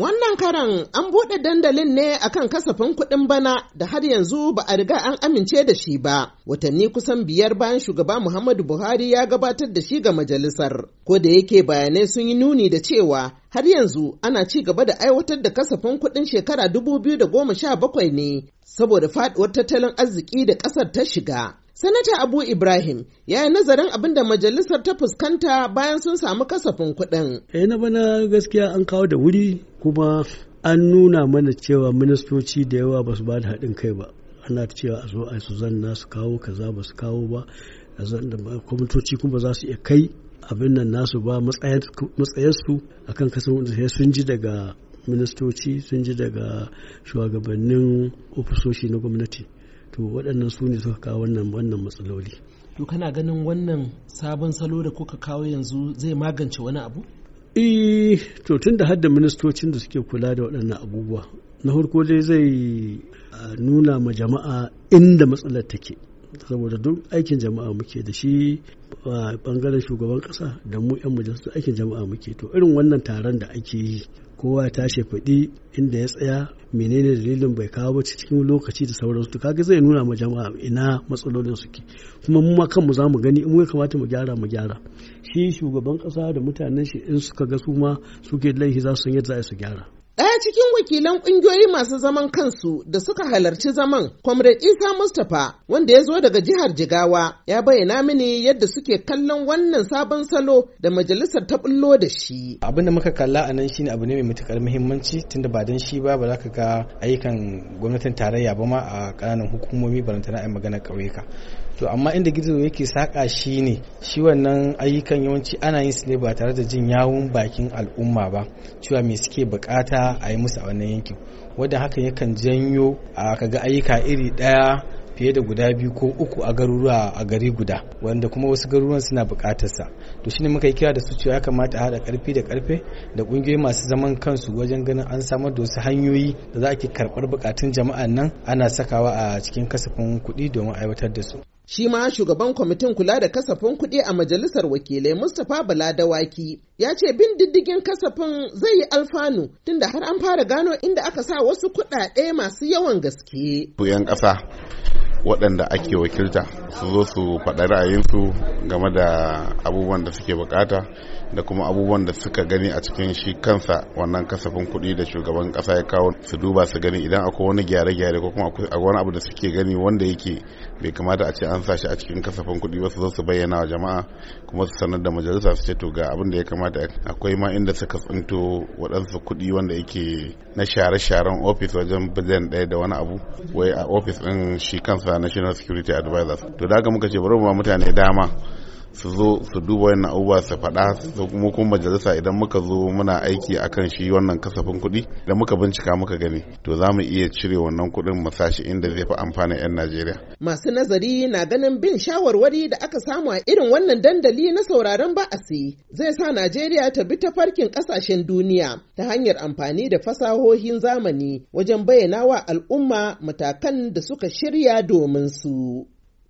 Wannan karan an buɗe dandalin ne akan kasafin kuɗin bana da har yanzu ba a riga an amince da shi ba. Watanni kusan biyar bayan shugaba Muhammadu Buhari ya gabatar da shi ga majalisar. Ko da yake bayanai sun yi nuni da cewa har yanzu ana ci gaba da aiwatar da kasafin kuɗin shekara dubu biyu da goma sha bakwai ne saboda faɗuwar tattalin arziki da ƙasar ta shiga. Sanata Abu Ibrahim ya yi nazarin abin da majalisar ta fuskanta bayan sun samu kasafin kuɗin. Eh na bana gaskiya an kawo da wuri kuma an nuna mana cewa ministoci da yawa ba su ba da haɗin kai ba. Ana cewa a zo a su zanna su kawo kaza ba su kawo ba. Kwamitoci kuma za su iya kai abin nan nasu ba matsayarsu akan kasan sai sun ji daga ministoci sun ji daga shugabannin ofisoshi na gwamnati. to waɗannan su ne suka kawo wannan wannan matsaloli to kana ganin wannan sabon salo da kuka kawo yanzu zai magance wani abu eh to tun da hadda ministocin da suke kula da waɗannan abubuwa na farko dai zai nuna ma jama'a inda matsalar take saboda duk aikin jama'a muke da shi a bangaren shugaban kasa da mu 'yan majalisar aikin jama'a muke to irin wannan taron da ake yi kowa ya tashi faɗi inda ya tsaya menene dalilin bai kawo ba cikin lokaci da sauransu kaga zai nuna ma jama'a ina matsalolin suke kuma mu ma kanmu za mu gani in ya kamata mu gyara mu gyara shi shugaban kasa da mutanen shi in suka ga su ma suke laifi za su san yadda za su gyara Ɗaya cikin wakilan ƙungiyoyi masu zaman kansu da suka halarci zaman, Comrade Isa Mustapha, wanda ya zo daga jihar Jigawa, ya bayyana mini yadda suke kallon wannan sabon salo da majalisar ta bullo da shi. Abin da muka kalla a nan shi ne abu ne mai matukar muhimmanci tunda ba don shi ba ba za ka ga ayyukan gwamnatin tarayya ba ma a ƙananan hukumomi na a magana ƙauyuka. To amma inda gizo yake saƙa shi ne shi wannan ayyukan yawanci ana yin su ne ba tare da jin yawun bakin al'umma ba cewa me suke bukata a yi musu a wannan yankin wadda haka yakan janyo a kaga ayyuka iri ɗaya fiye da guda biyu ko uku a garuruwa a gari guda wanda kuma wasu garuruwan suna sa to shine muka yi kira da su cewa ya kamata a haɗa karfi da karfe da ƙungiyoyi masu zaman kansu wajen ganin an samar da wasu hanyoyi da za ki ke karɓar bukatun jama'an nan ana sakawa a cikin kasafin kuɗi domin aiwatar da su. Shi ma shugaban kwamitin kula da kasafin kuɗi a majalisar wakilai Mustapha Bala Dawaki ya ce bin diddigin kasafin zai yi alfanu tunda har an fara gano inda aka sa wasu kuɗaɗe masu yawan gaske. koyan ƙasa waɗanda ake wakilta su zo su faɗa ra'ayinsu game da abubuwan da suke bukata da kuma abubuwan da suka gani a cikin shi kansa wannan kasafin kuɗi da shugaban ƙasa ya kawo su duba su gani idan akwai wani gyare-gyare ko kuma akwai wani abu da suke gani wanda yake bai kamata a ce an sa shi a cikin kasafin kuɗi ba su zo su bayyana wa jama'a kuma su sanar da majalisa su ce to ga abin da ya kamata akwai ma inda suka tsinto waɗansu kuɗi wanda yake na share-sharen ofis wajen biliyan ɗaya da wani abu wai a ofis ɗin shi kansa sa national security advisors to da haka muka ce bari mu ba mutane dama su zo su duba yana abubuwa su faɗa su kuma kuma majalisa idan muka zo muna aiki a kan shi wannan kasafin kuɗi da muka bincika muka gani to za mu iya cire wannan kuɗin mu sashi inda zai fi amfana 'yan Najeriya. Masu nazari na ganin bin shawarwari da aka samu a irin wannan dandali na sauraron ba'asi zai sa Najeriya ta bi ta farkin ƙasashen duniya ta hanyar amfani da fasahohin zamani wajen bayyana wa al'umma matakan da suka shirya domin su.